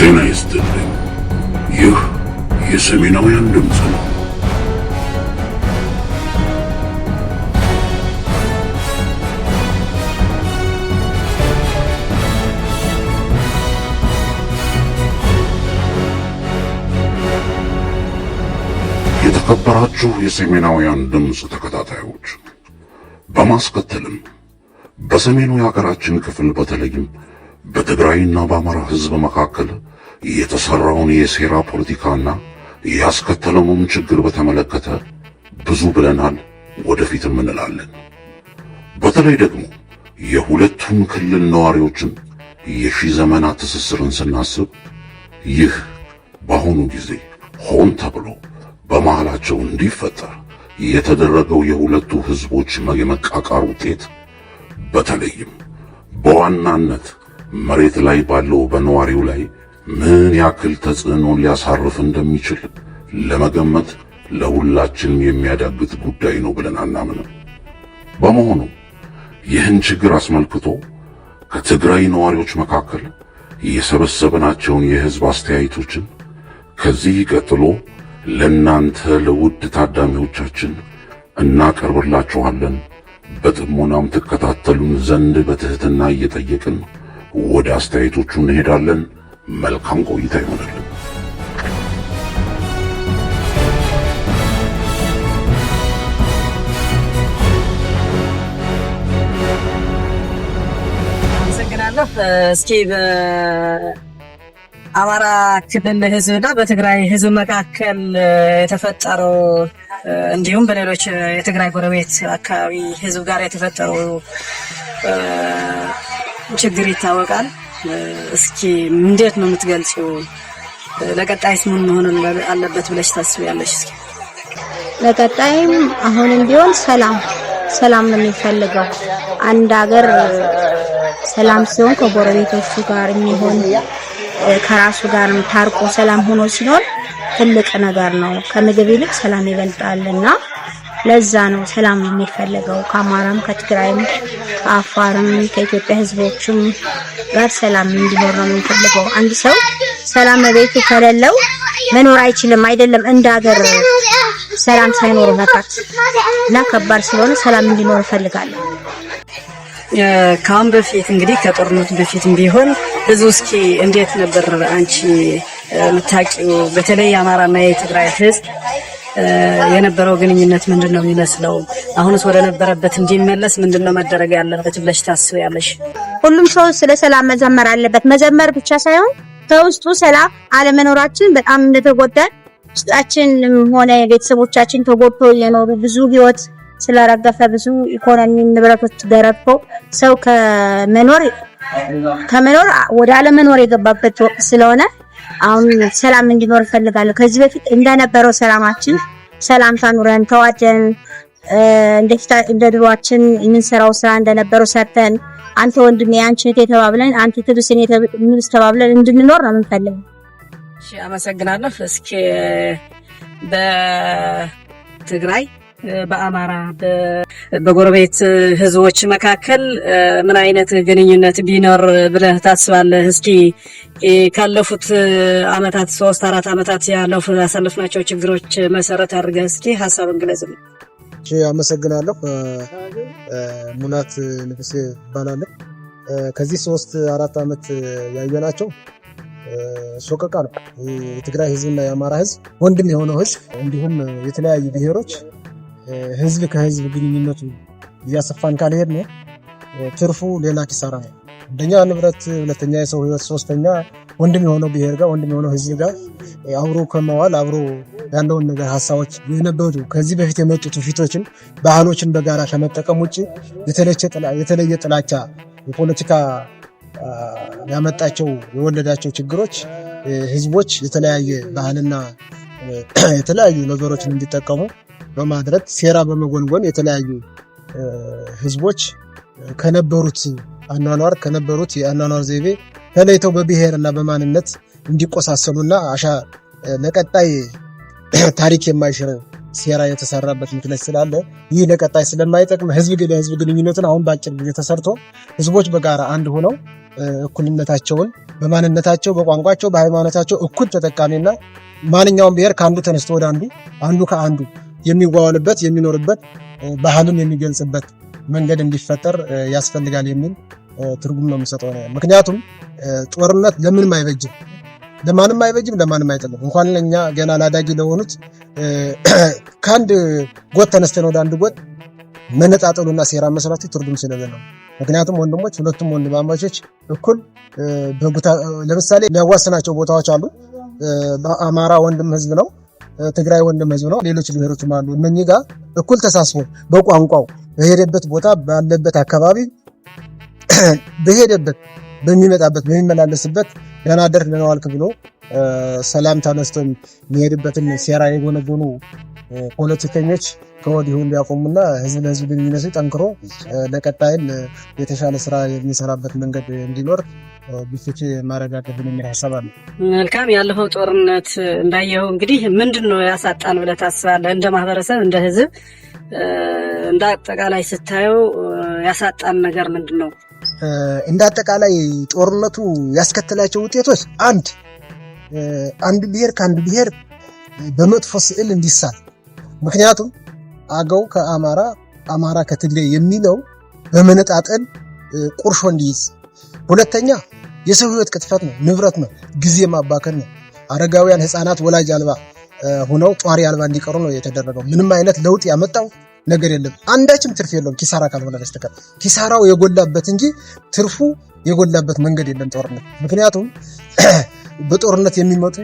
ጤና ይስጥልኝ። ይህ የሰሜናውያን ድምፅ ነው። የተከበራችሁ የሰሜናውያን ድምፅ ተከታታዮች በማስከተልም በሰሜኑ የሀገራችን ክፍል በተለይም በትግራይና በአማራ ሕዝብ መካከል የተሰራውን የሴራ ፖለቲካና ያስከተለውን ችግር በተመለከተ ብዙ ብለናል፣ ወደፊትም እንላለን። በተለይ ደግሞ የሁለቱም ክልል ነዋሪዎችን የሺህ ዘመናት ትስስርን ስናስብ ይህ በአሁኑ ጊዜ ሆን ተብሎ በመሃላቸው እንዲፈጠር የተደረገው የሁለቱ ህዝቦች የመቃቃር ውጤት በተለይም በዋናነት መሬት ላይ ባለው በነዋሪው ላይ ምን ያክል ተጽዕኖን ሊያሳርፍ እንደሚችል ለመገመት ለሁላችንም የሚያዳግት ጉዳይ ነው ብለን አናምንም። በመሆኑ ይህን ችግር አስመልክቶ ከትግራይ ነዋሪዎች መካከል የሰበሰብናቸውን የሕዝብ አስተያየቶችን ከዚህ ቀጥሎ ለእናንተ ለውድ ታዳሚዎቻችን እናቀርብላችኋለን። በጥሞናም ትከታተሉን ዘንድ በትሕትና እየጠየቅን ወደ አስተያየቶቹ እንሄዳለን። መልካም ቆይታ ይሆናል። እስኪ በአማራ ክልል ህዝብና በትግራይ ህዝብ መካከል የተፈጠረው እንዲሁም በሌሎች የትግራይ ጎረቤት አካባቢ ህዝብ ጋር የተፈጠረው ችግር ይታወቃል። እስኪ እንዴት ነው የምትገልጪው? ለቀጣይስ ምን መሆን አለበት ብለሽ ታስቢያለሽ? እስኪ ለቀጣይም አሁንም ቢሆን ሰላም ሰላም ነው የሚፈልገው። አንድ ሀገር ሰላም ሲሆን ከጎረቤቶቹ ጋር የሚሆን ከራሱ ጋር ታርቆ ሰላም ሆኖ ሲኖር ትልቅ ነገር ነው። ከምግብ ይልቅ ሰላም ይበልጣልና ለዛ ነው ሰላም የሚፈልገው ከአማራም ከትግራይም ከአፋርም ከኢትዮጵያ ህዝቦችም ጋር ሰላም እንዲኖር ነው የምንፈልገው። አንድ ሰው ሰላም በቤቱ ከሌለው መኖር አይችልም። አይደለም እንደ ሀገር ሰላም ሳይኖር መጣት እና ከባድ ስለሆነ ሰላም እንዲኖር እፈልጋለሁ። ከአሁን በፊት እንግዲህ ከጦርነቱ በፊትም ቢሆን ህዝቡ እስኪ እንዴት ነበር አንቺ የምታውቂው በተለይ የአማራና የትግራይ ህዝብ የነበረው ግንኙነት ምንድን ነው የሚመስለው? አሁንስ ወደ ነበረበት እንዲመለስ ምንድን ነው መደረግ ያለበት ብለሽ ታስቢያለሽ? ሁሉም ሰው ስለ ሰላም መዘመር አለበት። መዘመር ብቻ ሳይሆን ከውስጡ ሰላም አለመኖራችን በጣም እንደተጎዳን ውስጣችንም ሆነ ቤተሰቦቻችን ተጎድቶ የኖሩ ብዙ ህይወት ስለረገፈ ብዙ ኢኮኖሚ ንብረቶች ደረግፎ ሰው ከመኖር ከመኖር ወደ አለመኖር የገባበት ወቅት ስለሆነ አሁን ሰላም እንዲኖር እፈልጋለሁ። ከዚህ በፊት እንደነበረው ሰላማችን ሰላም ታኑረን ተዋደን እንደ ድሯችን የምንሰራው ስራ እንደነበረው ሰርተን አንተ ወንድሜ አንቺ እህቴ ተባብለን አንተ ትብስ እኔ ትብስ ተባብለን እንድንኖር ነው የምንፈልገው። እሺ፣ አመሰግናለሁ። እስኪ በትግራይ በአማራ በጎረቤት ህዝቦች መካከል ምን አይነት ግንኙነት ቢኖር ብለህ ታስባለህ? እስኪ ካለፉት አመታት ሶስት አራት አመታት ያለፉ ያሳለፍናቸው ችግሮች መሰረት አድርገህ እስኪ ሀሳብን ግለጽልኝ። አመሰግናለሁ። ሙላት ንጉሴ እባላለሁ። ከዚህ ሶስት አራት አመት ያየናቸው ሶቀቃ ነው። የትግራይ ህዝብና የአማራ ህዝብ ወንድም የሆነው ህዝብ እንዲሁም የተለያዩ ብሔሮች ህዝብ ከህዝብ ግንኙነቱ እያሰፋን ካልሄድን ትርፉ ሌላ ኪሳራ ነው። አንደኛ ንብረት፣ ሁለተኛ የሰው ህይወት፣ ሶስተኛ ወንድም የሆነው ብሔር ጋር ወንድም የሆነው ህዝብ ጋር አብሮ ከመዋል አብሮ ያለውን ነገር ሀሳቦች የነበሩ ከዚህ በፊት የመጡት ፊቶችን ባህሎችን በጋራ ከመጠቀም ውጭ የተለየ ጥላቻ የፖለቲካ ያመጣቸው የወለዳቸው ችግሮች ህዝቦች የተለያየ ባህልና የተለያዩ ነገሮችን እንዲጠቀሙ በማድረግ ሴራ በመጎንጎን የተለያዩ ህዝቦች ከነበሩት አኗኗር ከነበሩት የአኗኗር ዘይቤ ተለይተው በብሔርና በማንነት እንዲቆሳሰሉና አሻ ለቀጣይ ታሪክ የማይሽር ሴራ የተሰራበት ምክንያት ስላለ ይህ ለቀጣይ ስለማይጠቅም ህዝብ ለህዝብ ግንኙነትን አሁን በአጭር ጊዜ ተሰርቶ ህዝቦች በጋራ አንድ ሆነው እኩልነታቸውን በማንነታቸው፣ በቋንቋቸው፣ በሃይማኖታቸው እኩል ተጠቃሚና ማንኛውም ብሔር ከአንዱ ተነስቶ ወደ አንዱ አንዱ ከአንዱ የሚዋወልበት የሚኖርበት ባህሉን የሚገልጽበት መንገድ እንዲፈጠር ያስፈልጋል የሚል ትርጉም ነው ነው ምክንያቱም ጦርነት ለምንም አይበጅም፣ ለማንም አይበጅም፣ ለማንም አይጥልም። እንኳን ለእኛ ገና ላዳጊ ለሆኑት ከአንድ ጎጥ ተነስተን ወደ አንድ ጎጥ መነጣጠሉና ሴራ መስራቱ ትርጉም ነው። ምክንያቱም ወንድሞች ሁለቱም ወንድማማቾች እኩል ለምሳሌ የሚያዋስናቸው ቦታዎች አሉ። በአማራ ወንድም ህዝብ ነው ትግራይ ወንድም ህዝብ ነው። ሌሎች ብሔሮችም አሉ። እነኚህ ጋር እኩል ተሳስቦ በቋንቋው በሄደበት ቦታ ባለበት አካባቢ በሄደበት በሚመጣበት በሚመላለስበት ደህና አደርክ ደህና ዋልክ ብሎ ሰላም ተነስቶ የሚሄድበትን ሴራ የጎነጎኑ ፖለቲከኞች ከወዲሁ እንዲያቆሙና ህዝብ ለህዝብ ግንኙነቱ ጠንክሮ ለቀጣይም የተሻለ ስራ የሚሰራበት መንገድ እንዲኖር ግፊት ማረጋገጥን የሚል ሀሳብ አለ። መልካም። ያለፈው ጦርነት እንዳየው እንግዲህ ምንድን ነው ያሳጣን ብለህ ታስባለህ? እንደ ማህበረሰብ፣ እንደ ህዝብ፣ እንደ አጠቃላይ ስታየው ያሳጣን ነገር ምንድን ነው? እንደ አጠቃላይ ጦርነቱ ያስከተላቸው ውጤቶች አንድ አንድ ብሔር ከአንድ ብሔር በመጥፎ ስዕል እንዲሳል። ምክንያቱም አገው ከአማራ አማራ ከትግሬ የሚለው በመነጣጠል ቁርሾ እንዲይዝ፣ ሁለተኛ የሰው ህይወት ቅጥፈት ነው፣ ንብረት ነው፣ ጊዜ ማባከል ነው። አረጋውያን ህፃናት ወላጅ አልባ ሆነው ጧሪ አልባ እንዲቀሩ ነው የተደረገው። ምንም አይነት ለውጥ ያመጣው ነገር የለም። አንዳችም ትርፍ የለውም ኪሳራ ካልሆነ በስተቀር ኪሳራው የጎላበት እንጂ ትርፉ የጎላበት መንገድ የለም ጦርነት ምክንያቱም በጦርነት የሚመጡ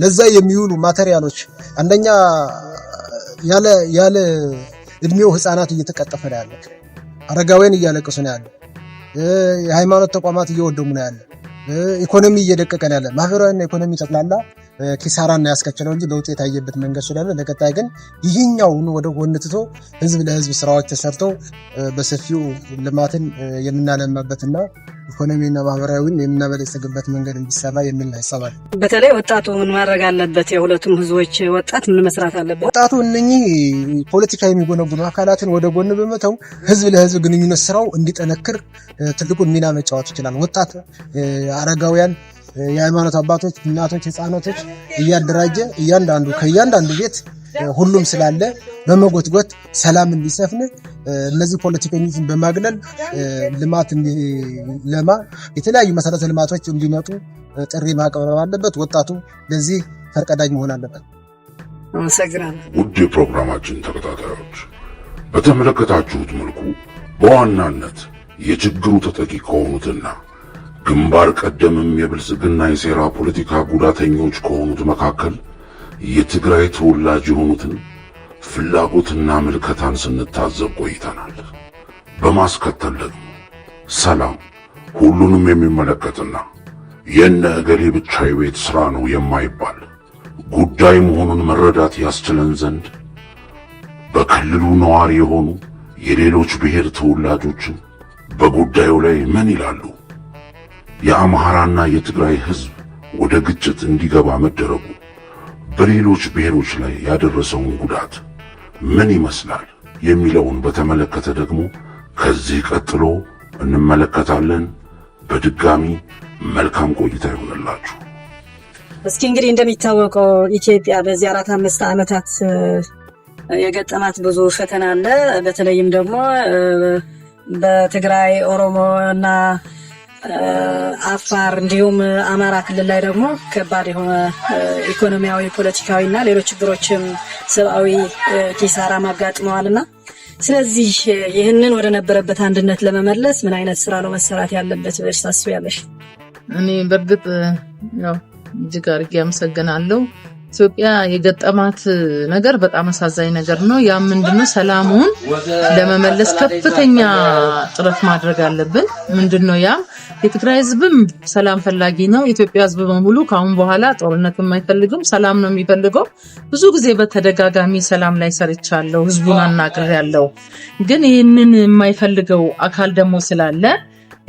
ለዛ የሚውሉ ማቴሪያሎች አንደኛ ያለ ያለ እድሜው ህፃናት እየተቀጠፈ ነው ያለ። አረጋውያን እያለቀሱ ነው ያለ። የሃይማኖት ተቋማት እየወደሙ ነው ያለ። ኢኮኖሚ እየደቀቀ ነው ያለ። ማህበራዊና ኢኮኖሚ ጠቅላላ ኪሳራና ያስከችለው እንጂ ለውጥ የታየበት መንገድ ስላለ ለቀጣይ ግን ይህኛውን ወደ ጎን ትቶ ህዝብ ለህዝብ ስራዎች ተሰርተው በሰፊው ልማትን የምናለማበትና ኢኮኖሚና ማህበራዊን የምናበለጸግበት መንገድ እንዲሰራ የሚል ሀሳብ አለ። በተለይ ወጣቱ ምን ማድረግ አለበት? የሁለቱም ህዝቦች ወጣት ምን መስራት አለበት? ወጣቱ እነኚህ ፖለቲካ የሚጎነጉኑ አካላትን ወደ ጎን በመተው ህዝብ ለህዝብ ግንኙነት ስራው እንዲጠነክር ትልቁን ሚና መጫወት ይችላል። ወጣት አረጋውያን የሃይማኖት አባቶች፣ እናቶች፣ ህፃኖቶች እያደራጀ እያንዳንዱ ከእያንዳንዱ ቤት ሁሉም ስላለ በመጎትጎት ሰላም እንዲሰፍን እነዚህ ፖለቲከኞችን በማግለል ልማት እንዲለማ የተለያዩ መሰረተ ልማቶች እንዲመጡ ጥሪ ማቅረብ አለበት። ወጣቱ ለዚህ ፈርቀዳጅ መሆን አለበት። ውድ የፕሮግራማችን ተከታታዮች በተመለከታችሁት መልኩ በዋናነት የችግሩ ተጠቂ ከሆኑትና ግንባር ቀደምም የብልጽግና የሴራ ፖለቲካ ጉዳተኞች ከሆኑት መካከል የትግራይ ተወላጅ የሆኑትን ፍላጎትና ምልከታን ስንታዘብ ቆይተናል። በማስከተል ደግሞ ሰላም ሁሉንም የሚመለከትና የነ እገሌ ብቻ የቤት ሥራ ነው የማይባል ጉዳይ መሆኑን መረዳት ያስችለን ዘንድ በክልሉ ነዋሪ የሆኑ የሌሎች ብሔር ተወላጆችን በጉዳዩ ላይ ምን ይላሉ የአማራና የትግራይ ህዝብ ወደ ግጭት እንዲገባ መደረጉ በሌሎች ብሔሮች ላይ ያደረሰውን ጉዳት ምን ይመስላል የሚለውን በተመለከተ ደግሞ ከዚህ ቀጥሎ እንመለከታለን። በድጋሚ መልካም ቆይታ ይሆንላችሁ። እስኪ እንግዲህ እንደሚታወቀው ኢትዮጵያ በዚህ አራት አምስት ዓመታት የገጠማት ብዙ ፈተና አለ። በተለይም ደግሞ በትግራይ ኦሮሞ እና አፋር እንዲሁም አማራ ክልል ላይ ደግሞ ከባድ የሆነ ኢኮኖሚያዊ፣ ፖለቲካዊ እና ሌሎች ችግሮችም ሰብአዊ ኪሳራ ማጋጥመዋል እና ስለዚህ ይህንን ወደ ነበረበት አንድነት ለመመለስ ምን አይነት ስራ ነው መሰራት ያለበት ብለሽ ታስቢያለሽ? እኔ በእርግጥ ያው እጅግ አድርጌ አመሰግናለሁ። ኢትዮጵያ የገጠማት ነገር በጣም አሳዛኝ ነገር ነው። ያ ምንድነው ሰላሙን ለመመለስ ከፍተኛ ጥረት ማድረግ አለብን። ምንድነው ያም የትግራይ ህዝብም ሰላም ፈላጊ ነው። የኢትዮጵያ ህዝብ በሙሉ ከአሁን በኋላ ጦርነትም አይፈልግም፣ ሰላም ነው የሚፈልገው። ብዙ ጊዜ በተደጋጋሚ ሰላም ላይ ሰርቻለሁ፣ ሕዝቡን አናግሬያለሁ። ግን ይህንን የማይፈልገው አካል ደግሞ ስላለ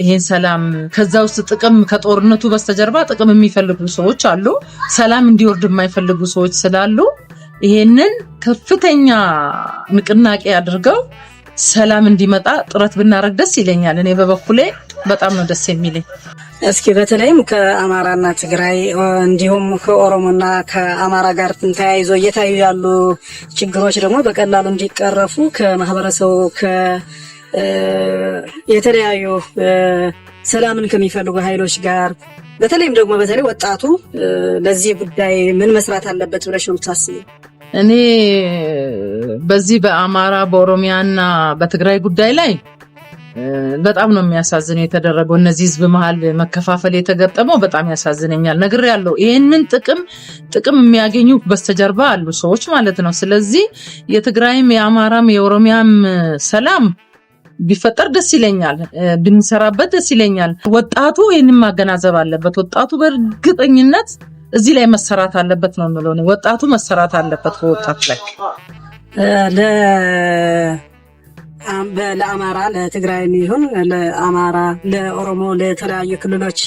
ይሄን ሰላም ከዛ ውስጥ ጥቅም ከጦርነቱ በስተጀርባ ጥቅም የሚፈልጉ ሰዎች አሉ። ሰላም እንዲወርድ የማይፈልጉ ሰዎች ስላሉ ይሄንን ከፍተኛ ንቅናቄ አድርገው ሰላም እንዲመጣ ጥረት ብናደርግ ደስ ይለኛል። እኔ በበኩሌ በጣም ነው ደስ የሚለኝ። እስኪ በተለይም ከአማራና ትግራይ እንዲሁም ከኦሮሞና ከአማራ ጋር ተያይዞ እየታዩ ያሉ ችግሮች ደግሞ በቀላሉ እንዲቀረፉ ከማህበረሰቡ የተለያዩ ሰላምን ከሚፈልጉ ኃይሎች ጋር በተለይም ደግሞ በተለይ ወጣቱ ለዚህ ጉዳይ ምን መስራት አለበት ብለሽ ነው የምታስበው? እኔ በዚህ በአማራ በኦሮሚያ በትግራይ ጉዳይ ላይ በጣም ነው የሚያሳዝነው የተደረገው። እነዚህ ህዝብ መሀል መከፋፈል የተገጠመው በጣም ያሳዝነኛል። ነግር ያለው ይህንን ጥቅም ጥቅም የሚያገኙ በስተጀርባ አሉ ሰዎች ማለት ነው። ስለዚህ የትግራይም የአማራም የኦሮሚያም ሰላም ቢፈጠር ደስ ይለኛል፣ ብንሰራበት ደስ ይለኛል። ወጣቱ ይህንን ማገናዘብ አለበት። ወጣቱ በእርግጠኝነት እዚህ ላይ መሰራት አለበት ነው የምለው። ወጣቱ መሰራት አለበት በወጣት ላይ ለአማራ ለትግራይ ይሁን ለአማራ ለኦሮሞ ለተለያዩ ክልሎች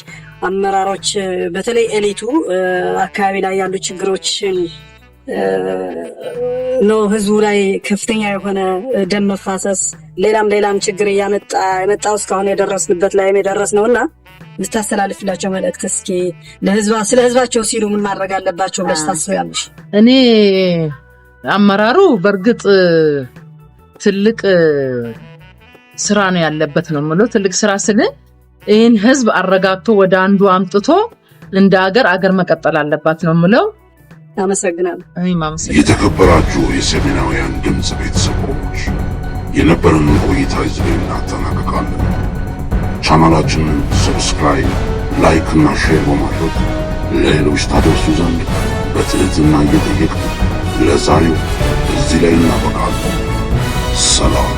አመራሮች በተለይ ኤሊቱ አካባቢ ላይ ያሉ ችግሮችን ነው ህዝቡ ላይ ከፍተኛ የሆነ ደም መፋሰስ፣ ሌላም ሌላም ችግር እያመጣ የመጣው እስካሁን የደረስንበት ላይም ነው እና ብታስተላልፍላቸው መልእክት እስኪ ስለ ህዝባቸው ሲሉ ምን ማድረግ አለባቸው ብለሽ ታስቢያለሽ? እኔ አመራሩ በእርግጥ ትልቅ ስራ ነው ያለበት ነው የምለው። ትልቅ ስራ ስል ይህን ህዝብ አረጋግቶ ወደ አንዱ አምጥቶ እንደ አገር አገር መቀጠል አለባት ነው የምለው። አመሰግናለሁ። እኔም አመሰግናለሁ። የተከበራችሁ የሰሜናውያን ድምፅ ቤተሰቦች የነበረን ቆይታ እዚህ እናጠናቀቃለን። ቻናላችንን ሰብስክራይብ፣ ላይክ እና ሼር በማድረግ ለሌሎች ታደርሱ ዘንድ በትህትና እየጠየቅን ለዛሬው እዚህ ላይ እናበቃለን። ሰላም